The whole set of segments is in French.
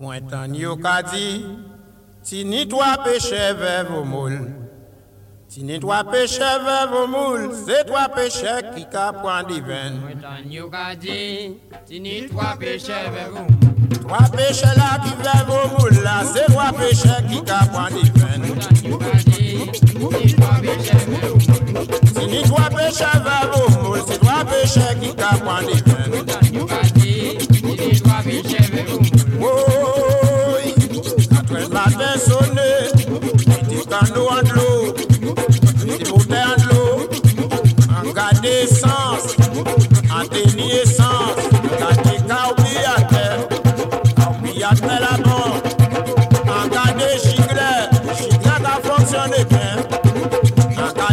Pointan yo ka di, ti nitwa peche vev o moul. Ti nitwa peche vev o moul, se twa peche ki ka pran diven. Pointan yo ka di, ti nitwa peche vev o moul. Twa peche la ki vev vo moul la, se twa peche ki ka pran diven. Pointan yo ka di, ti nitwa peche vev o moul. Ti nitwa peche vev o moul, se twa peche ki ka pran diven.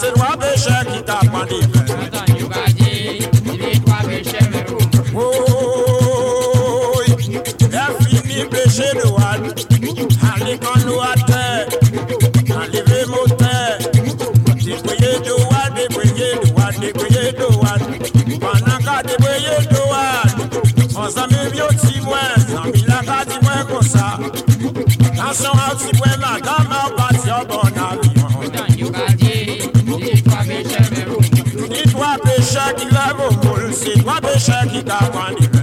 serwa beshe kita pandi Oy, efini beshe do wad, hali kon do ate, hali ve mote, di kweye do wad, di kweye do wad, di kweye do wad, panaka di kweye do wad, on zame vyo ti mwen, zami laka di mwen konsa, kanson a ti mwen madama ou pati obon ave. it, what they shake it up on it.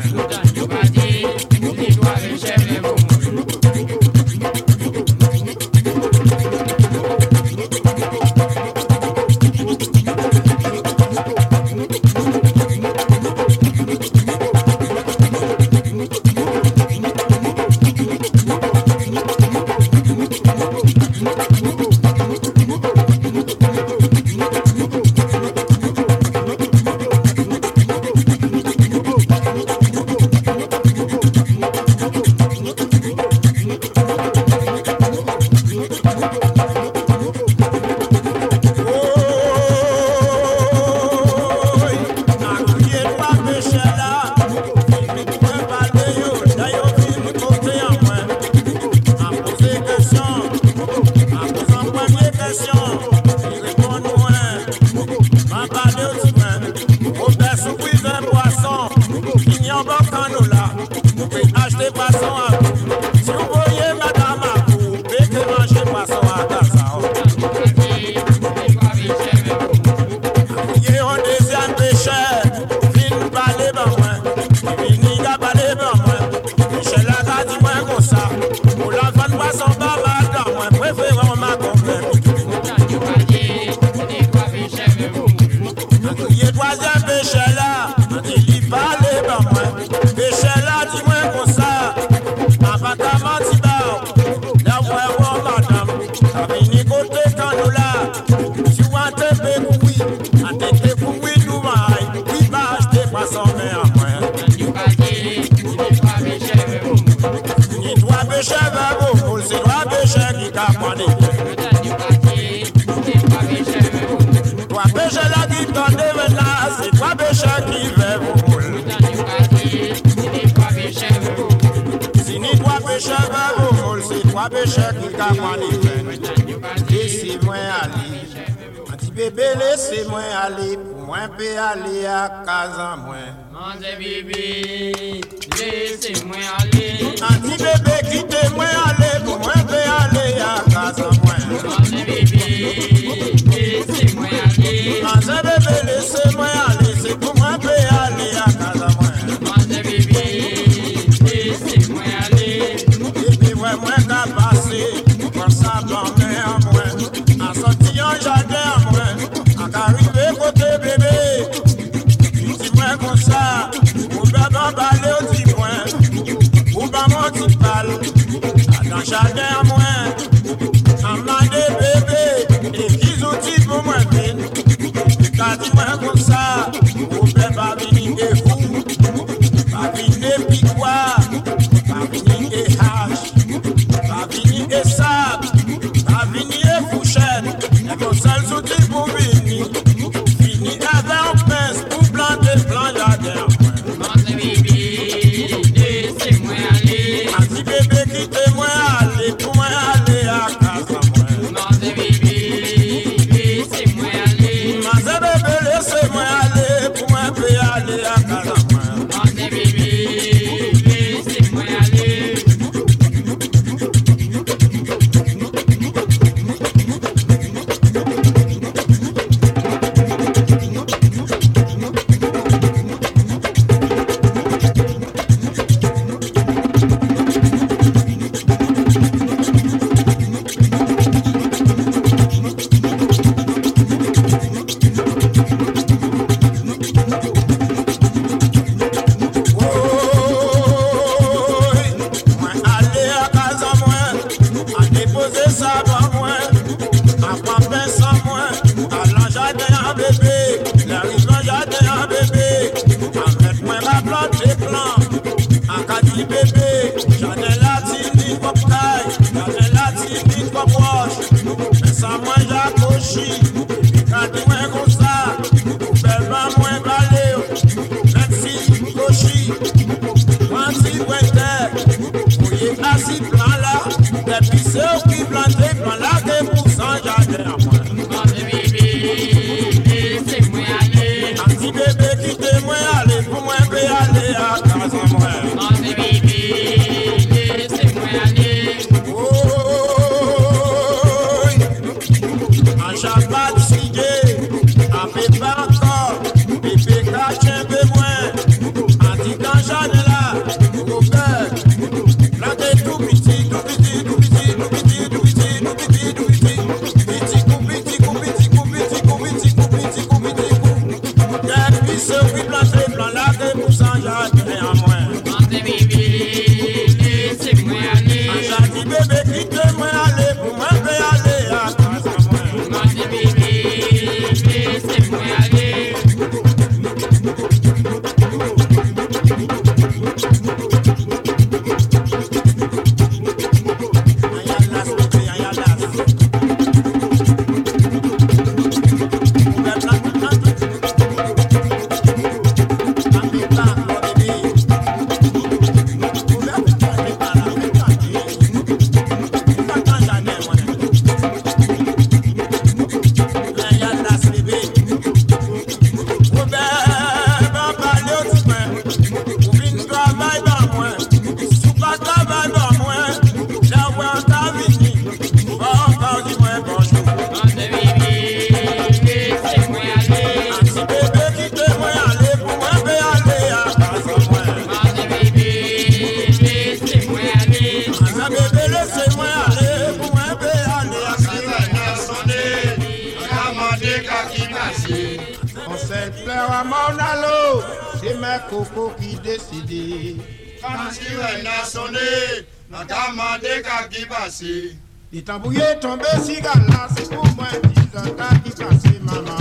Rabeche kile kamwan li ven, lese mwen ali ndi bebe lese mwen ali pou mwenpe ali a kazan mwen Ndi bebe kite mwen ale pou mwenpe ali a kazan mwen olo Sous-titrage ST' 501 Dieu est nationné, la gamade ka qui passe. Dit tabouye tombé si galas, pour moi, ils ont ta qui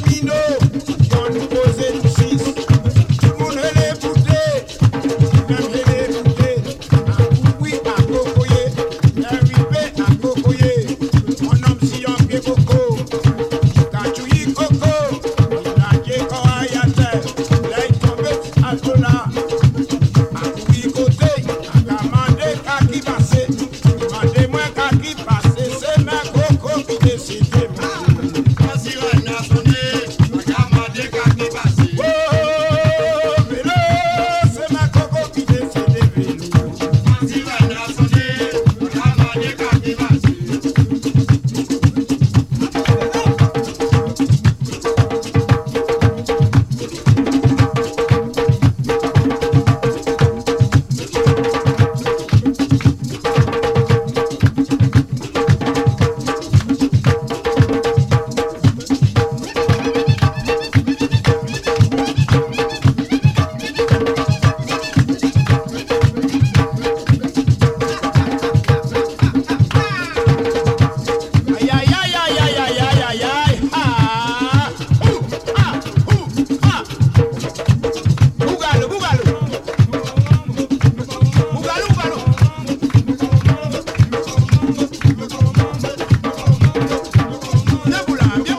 Ram.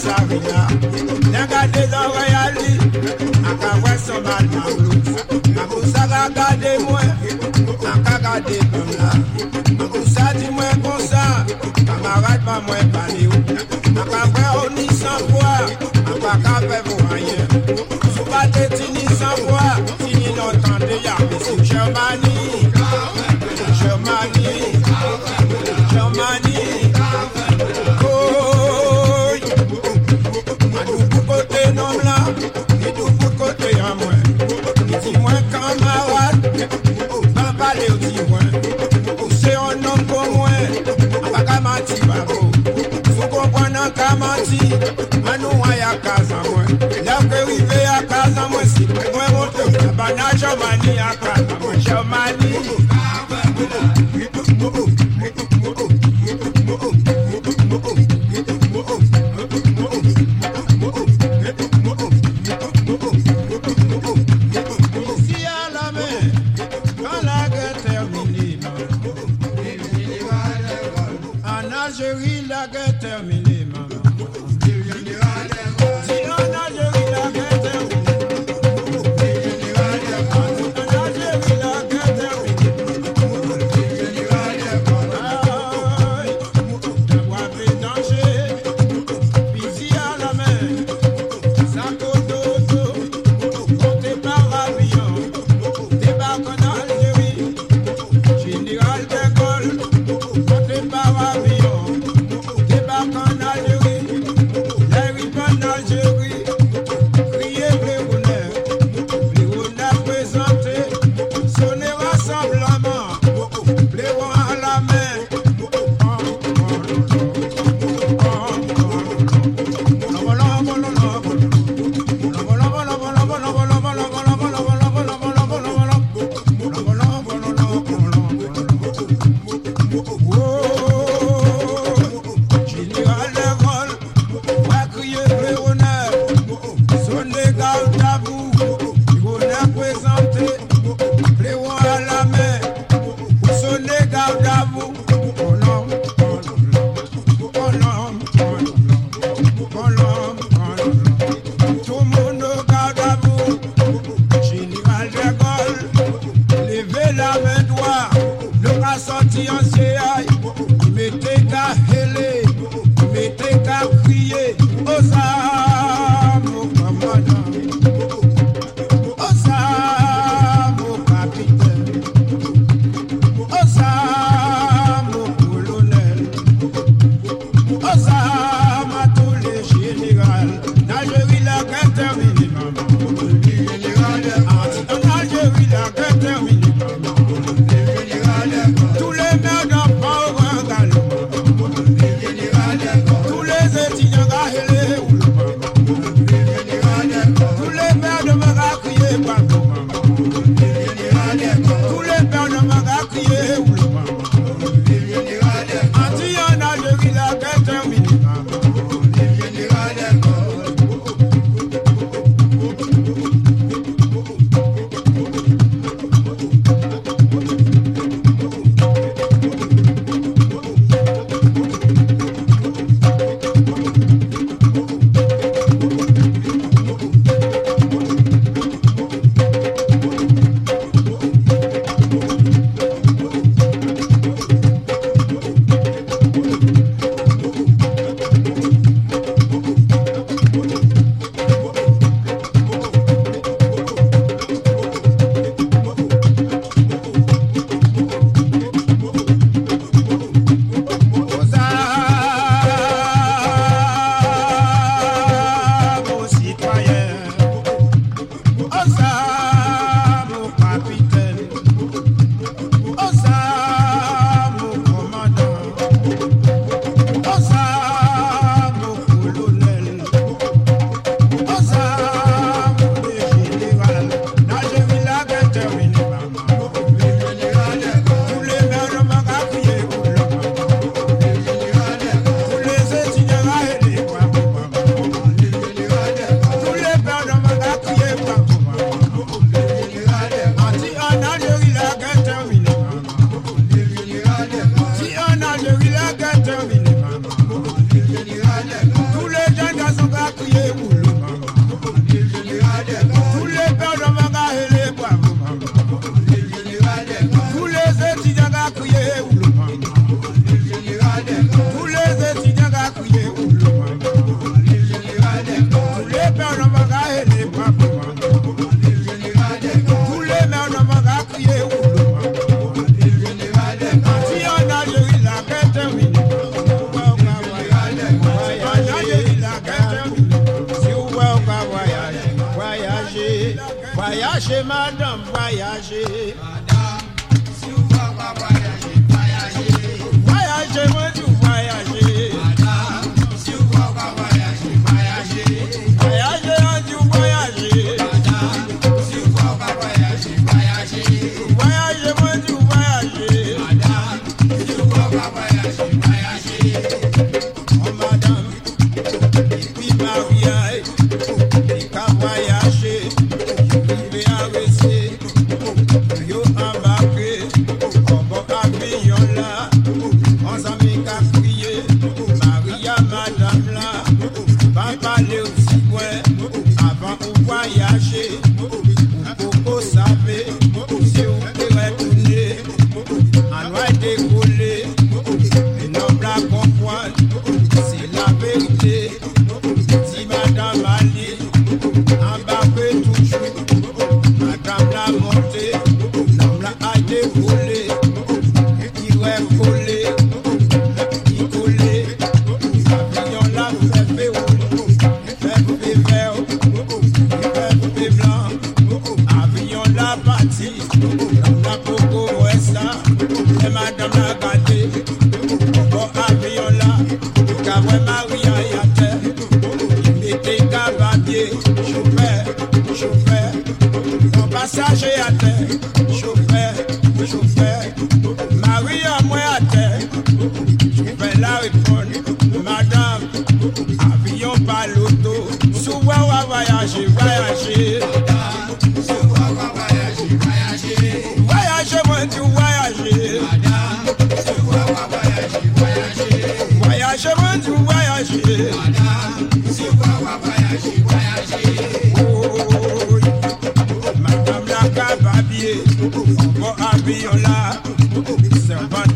Sari na Nè gade lò rayali An ka wè somal nan blous An kousa gade mwen An ka gade pèm la An kousa di mwen konsan An gade mwen panye ou An kousa di mwen konsan An kousa di mwen konsan parti, mais nous casa moi. Là que arrivé à casa moi si, moi monte un tabanage en manie à casa moi.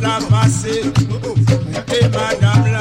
la passé. Oh, oh. Et madame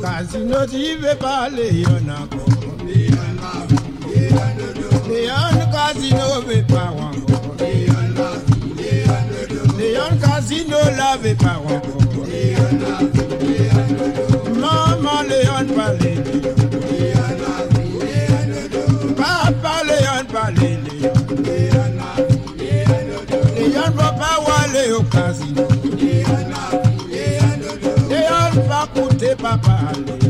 Kazinoti ve casino Liondo lave par un Maman Léon parlait Léon. Papa Léon Léon. va pas au casino. Léon va coûter papa Léon.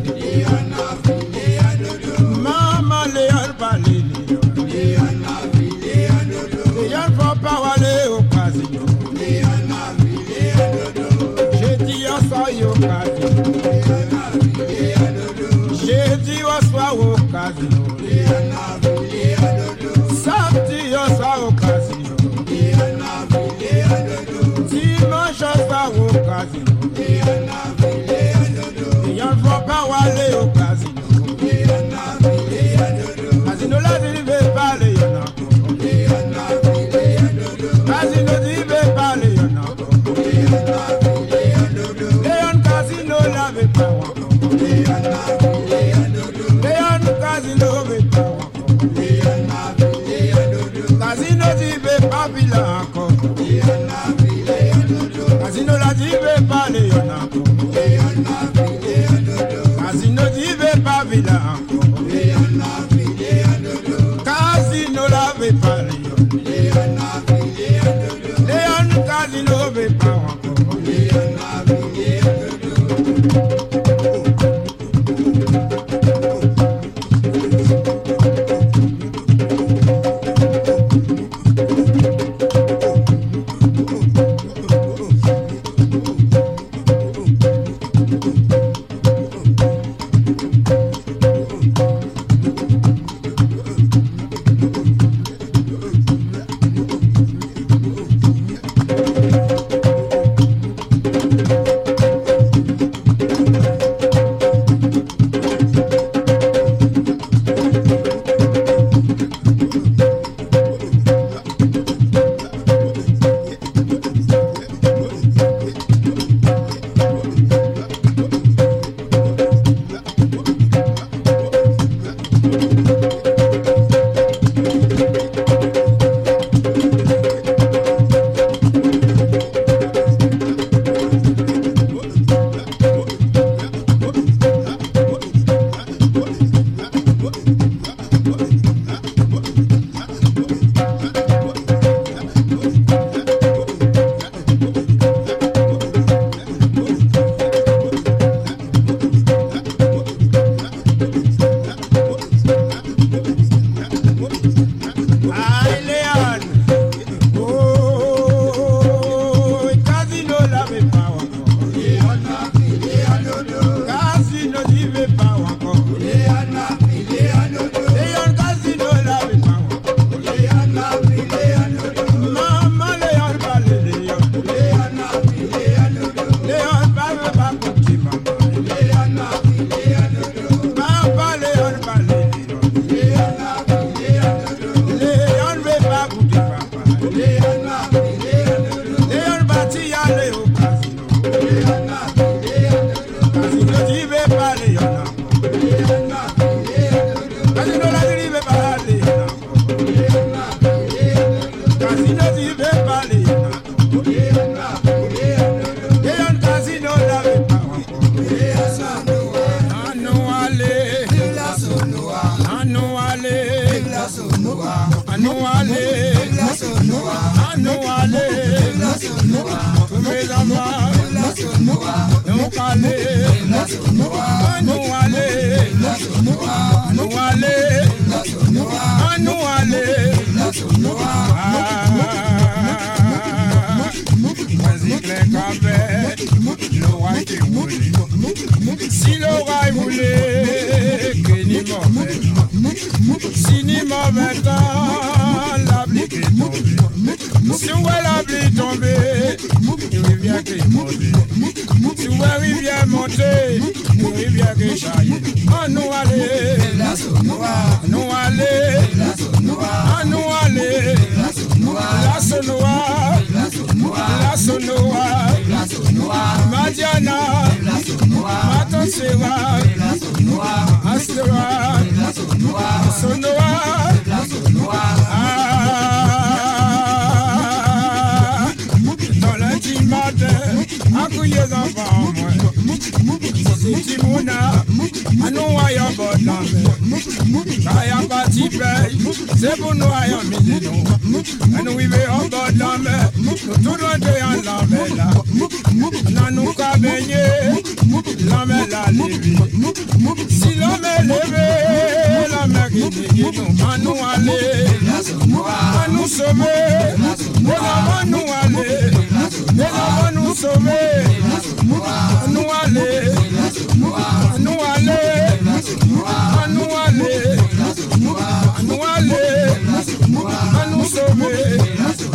sọ̀rọ̀ ànúwálé ànúwálé ànúwálé ànúwálé ànúsọ̀rọ̀.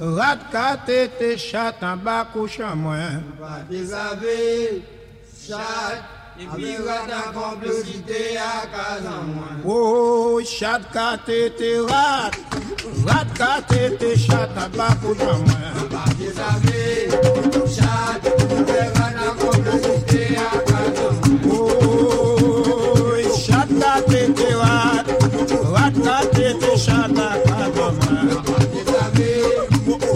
Rat kate te chat an bakou chan mwen Pati zave chat Epi rat an komplicite akaz an mwen Oh chat kate te rat Rat kate te chat an bakou chan mwen Pati zave chat Epi rat an komplicite akaz an mwen Oh chat kate te rat Rat kate te chat akaz mwen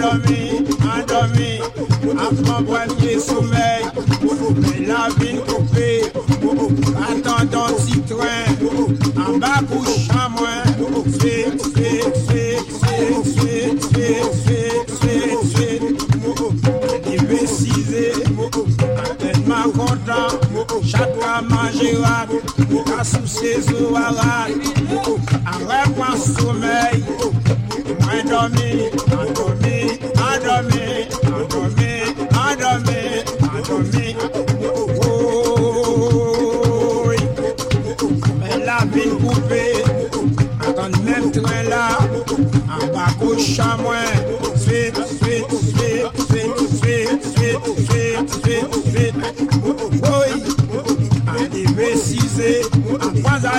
endormi, endormi. Avant sommeil, la ville coupée, attendant citron, en bas pour moins, fait, fait, fait, fait, content, fois mangerable, à sous ses arrêt pour sommeil, moins dormi,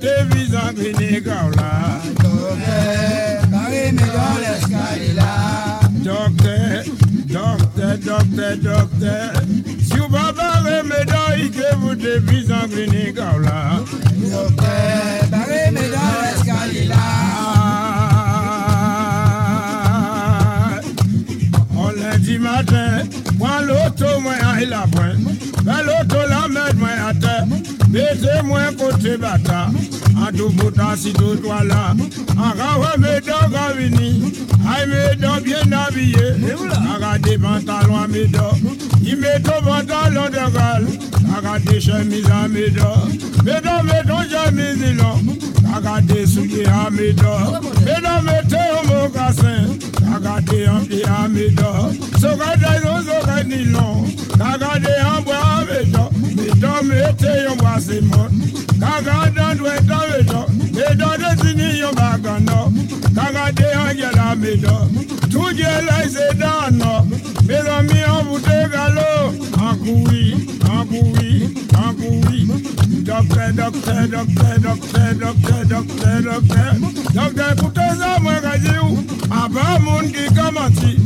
devise grigny Gaula. Docteur, Marie me dans là Docteur, docteur, docteur, docteur. Si vous parlez me dans que vous devise grigny gaola. Docteur, Marie me dans là On lundi matin, moi l'auto, moi il la pointe. Beloto la met mwen ate Beze mwen kote bata A tou bouta si tout twa la A me do gavini A me do bien abye A gade pantalon me do I me to pantalon de gal A gade chemiza me do Me do me ton chemizi lon A gade souye a me do Me do me te homo kasen A gade ampli me So gade yon so gade nilon A gade ambwa Mwenye ndo mwenye ten yonmwa seman Kaga dan dwenye ta mwenye Mwenye do de sinin yon bagan nan Kaga de an gelan mwenye Tujen la se dan nan Mwenye mwenye mwenye an boute gano An kouye, an kouye, an kouye Dokter, doktor, doktor, doktor, doktor, doktor Dokter kouten sa mwenye kazi ou Aba moun di kamansi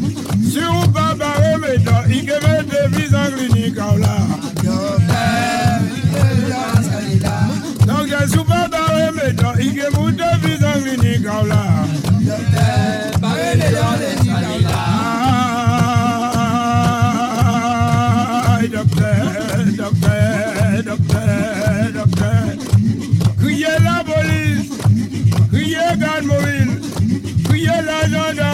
siupa barometro ikemete visangrini kaula donc siupa barometro ikemute visangrini kaula Criez la police, criez garde criez la gendarmerie.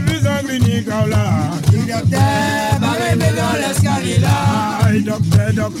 plus en Il docteur, vous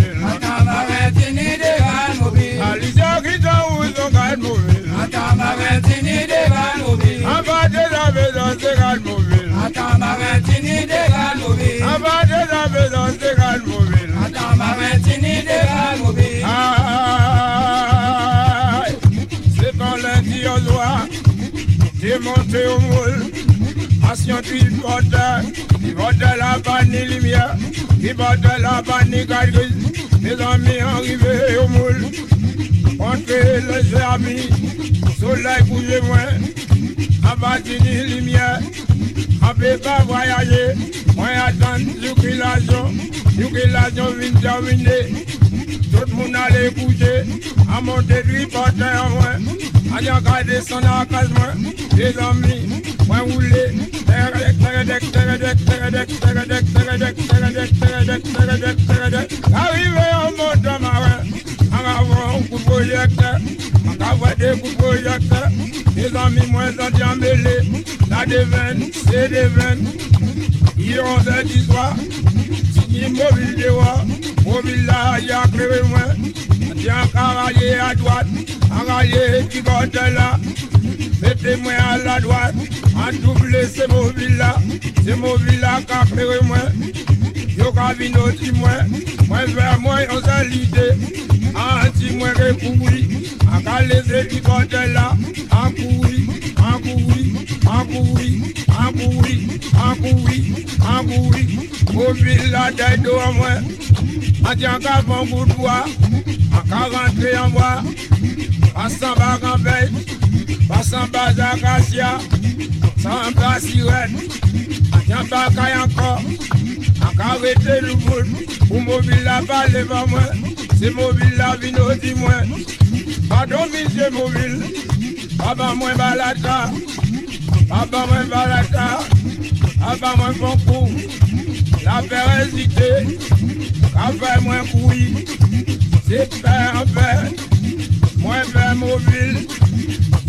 se ka mobili. A tini de ka mobile A de la bɛsɔn se ka mobili. A taama bɛ tini de ka mobili. Aaaaayi, c'est dans l'indiosois, démonté au moule. Passion du bordel, du bordel à bas ni lumière, du bordel à bas ni Mes amis arrivés au moule, entrez les amis, soleil bougez moins. Abati ni limye, api pa vwayaje, mwen atan yu ki lajon, yu ki lajon vin janvine. Jot moun ale kouje, amante tri poten mwen, a jan kade son akalman, de zomni mwen wule, teredek, teredek, teredek, teredek, teredek, teredek, teredek, teredek, teredek, teredek. Kavive yon moun damaren, an avan kou projekte, an kavade kou projekte, Mes amis, moi, ça tient mêlé Ça veines, c'est devine. Ils ont fait du soir. Immobile de roi, mobile là, il y a créé moi. Tiens, à droite, enraillé qui compte là. Mettez-moi à la droite, en doublé c'est mobile là. C'est mobile là, qu'a créé moi. Yo, Kavino, vu nos Moi, vers moi, on s'est l'idée. antimwere kuwi akaleze dikotela akuwi akuwi akuwi akuwi akuwi akuwi kofila dedo ọmọ àti akafọnkuduwa akaranteyanwa asanbakanfẹ. samba, Zakasia, Samba encore, encore Kayanko, Akarete Louboul, ou mobile la balle devant moi, c'est mobile la vino dis moi. Pardon, monsieur mobile, Baba moi balata, Baba moi balata, Baba moi bon coup, la vérité, Café moi couille, c'est père, paix, moi paix mobile.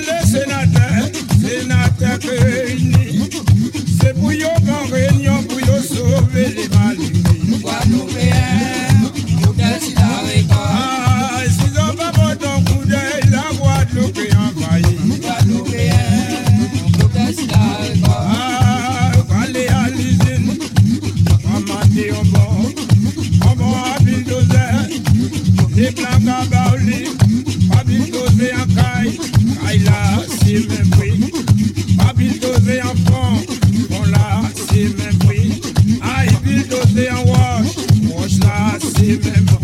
le sénateur, sénateur réuni, c'est pour y en réunion.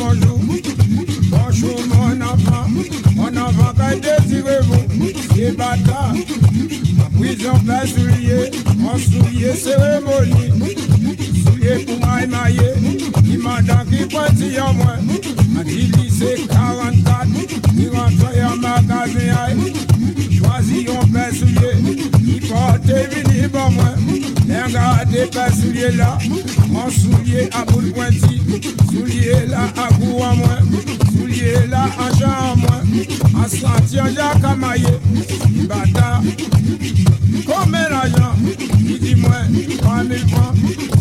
bonjour. Bonjour, mon enfant. Mon enfant, vous Les bâtards. Prison, soulier. Mon soulier, cérémonie. Soulier pour Il Qui dit en moi. A dit 44. il rentre en magasin. Choisis, un soulier t'es venu par moi, regardez pas soulier là, mon soulier à boule pointi, soulier là à goût à moi, soulier là en à moi, en sentir Jacques bataille, comme l'argent, il dit moi, 3000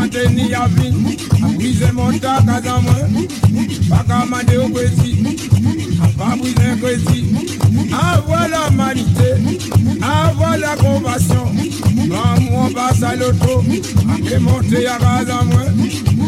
mante ni avin Aprize monta kazan mwen Baka mande ou kwezi Apan prize kwezi Avwa la manite Avwa la konvasyon Mwen mwen basa loto Apre monte ya kazan mwen